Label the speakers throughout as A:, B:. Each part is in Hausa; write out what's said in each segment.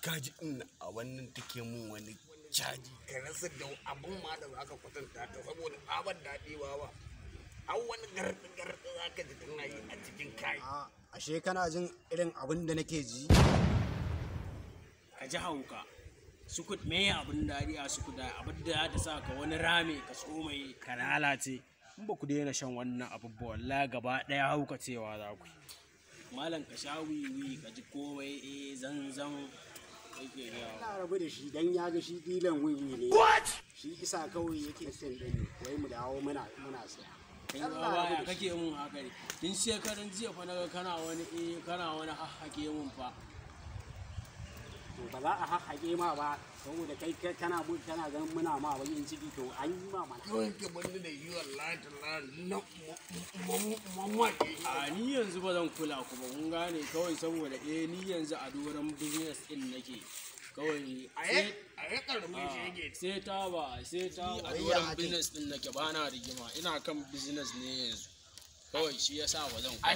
A: kaji in a wannan take mun wani caji ka rasa da abun ma da za ka kwatanta ta saboda babar daɗewa ba an wani garɗi garɗi za ka ji tana yi a cikin kai ashe kana jin irin abin da nake ji ka ji hauka sukut me abin dariya da abin da ta sa ka wani rame ka tsomai ka lalace in ba ku daina shan wannan abubuwa wallahi gaba ɗaya hauka cewa za ku malam ka sha wiwi ka ji komai eh zanzan ina rabu da shi dan ya ga shi dilan wiwi ne shi isa kawai yake sin din wai mu dawo muna muna sa kan ba baya kake mun haka ne tun shekaran jiya fa naga kana wani eh, kana wani hahhake mun fa ba za a haƙe ma ba saboda kai kana kana ganin muna ma yin ciki to an yi ma mana kawai ke bani da yi wallahi tallahi na mamaki a ni yanzu ba zan kula ku ba mun gane kawai saboda eh ni yanzu a doron business din nake kawai ah, sai ta ba sai ta a doron business din nake ba na rigima ina kan business ne yanzu kawai shi yasa ba zan kula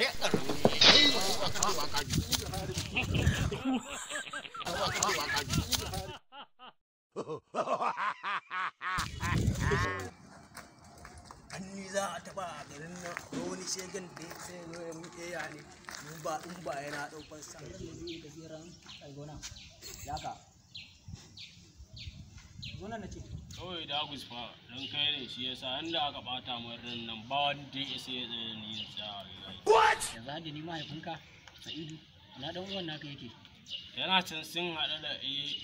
B: za a taba a garin nan ko wani shegan da ya sai zo ya muke ya ne in ba in ba yana daukar sa gona
A: na ce kawai da agus fa don kai ne shi yasa inda aka bata mu ran nan ba wani da ya sai ya tsaye ni ya sa
B: what yanzu haka ni mahaifinka sa'idu na dan uwan naka yake
A: yana can sun haɗa da eh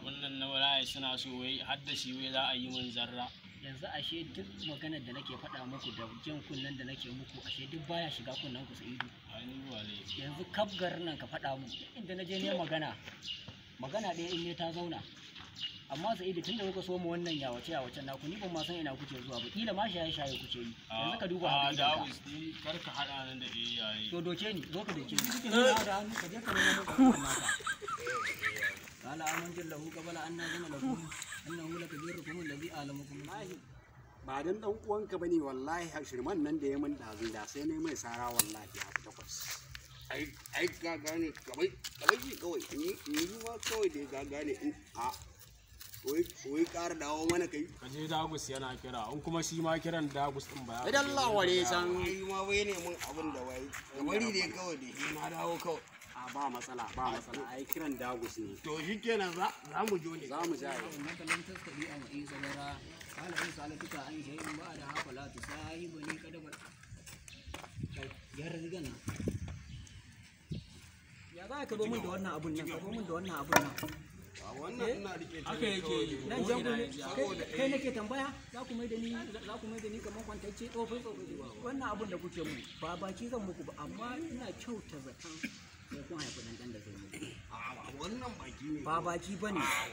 A: abin nan na walaye suna so wai har da shi wai za a yi mun zarra
B: yanzu ashe duk maganar da nake faɗa muku da jan kunnen da nake muku ashe duk baya shiga kunnen ku sa'idu yanzu kabgar nan ka faɗa mu inda na je ne magana magana ɗaya in ne ta zauna amma sa'idu tunda kuka so mu wannan yawace yawacen naku ni ban ma san ina kuke zuwa ba kila ma shaye shaye kuke yi yanzu ka duba haka da
A: ni kar ka hada nan da yayi to
B: doke ni zo ka doke ni eh. ka je ka nemo mu ka قال آمنت له قبل أن نزل لكم أنه لكبيركم الذي أعلمكم ba dan dan uwanka
A: bane wallahi shirman nan da ya min dazu da sai ne mai tsara, wallahi ya fi takwas ai ai gagane kawai kawai kawai ni yi ma kawai da gagane in a wai ƙara hawa mana kai ka je dagus yana kira in kuma shi ma kiran dagus din ba idan laware san ai ma wai ne mun abin da wai da wari ne kawai da ma dawo kawai a ba matsala ba matsala ai kiran dagus ne to za za mu jo ne
B: za mu tasbi sabara in an ba da haka la kada ba ya za ka zo mun da wannan abun nan ka zo mun da wannan abun nan wannan eh? ina rike ta nan jango ne kai nake tambaya za ku mai da ni za ku mai da ni kamar kwantacce tsofin tsofin wannan abun da kuke mu ba baki zan muku ba amma ina kyauta zaton ko kun haifi dan da zai a wannan baki ne ba baki a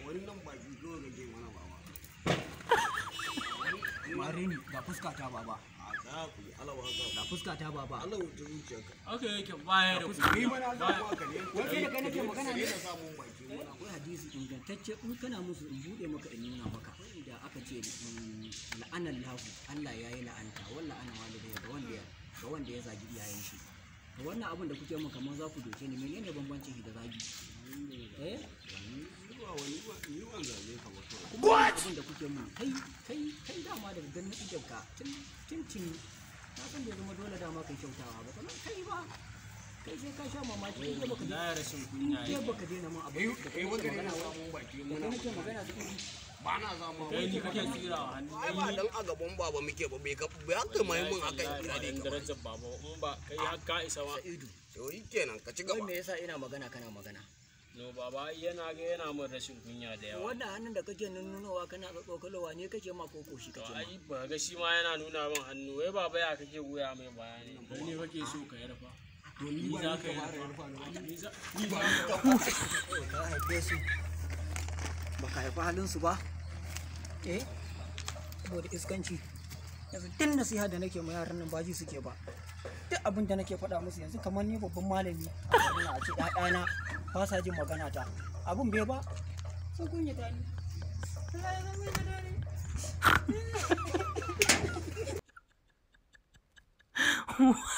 B: wannan baki ko ga ke mana mare ni fuska ta baba da fuska ta baba Allah wuce
A: baya da fuska ni mana za ku ne kai da kai nake magana ne da samun
B: baki akwai hadisi ingantacce in kana musu in bude maka in nuna maka da aka ce mm, la'anan lahu Allah yayi la'anta walla ana walidai ga wanda ya zagi iyayen shi wannan abin da kuke mun kamar za ku doke ni menene bambancin shi da zagi eh abin da kuke mun kai kai kai dama da ganin idan ka tin tin na san da zama dole dama kai kyautawa ba kamar kai ba sai ka sha mamaki in dai baka na
A: rashin daina
B: mun abu da kai wanda ne samu baki mun da nake magana da kai
A: ba na samu kai ni kake tsira hannu ba dan a gaban baba muke ba bai ka ba kai mai mun aka yi kira dai darajar baba in ba kai har ka isa ma to kenan
B: ka ci gaba me yasa ina magana kana magana
A: no baba yana ga yana min rashin kunya da yawa
B: wannan hannun da kake nununawa kana ga tsokalowa ne kake ma koko shi kake ma ai
A: ba ga shi ma yana nuna min hannu wai baba ya kake goya mai bayani ne kake so ka yarfa ni za ka yi
B: ni ba ka haife su ba ka haifi halinsu ba eh saboda iskanci yanzu tun nasiha da nake ma yaran nan baji suke ba duk abin da nake faɗa musu yanzu kamar ni babban malami a ce ɗaɗana ba sa jin magana ta abin bai ba sun kunya ta ni What?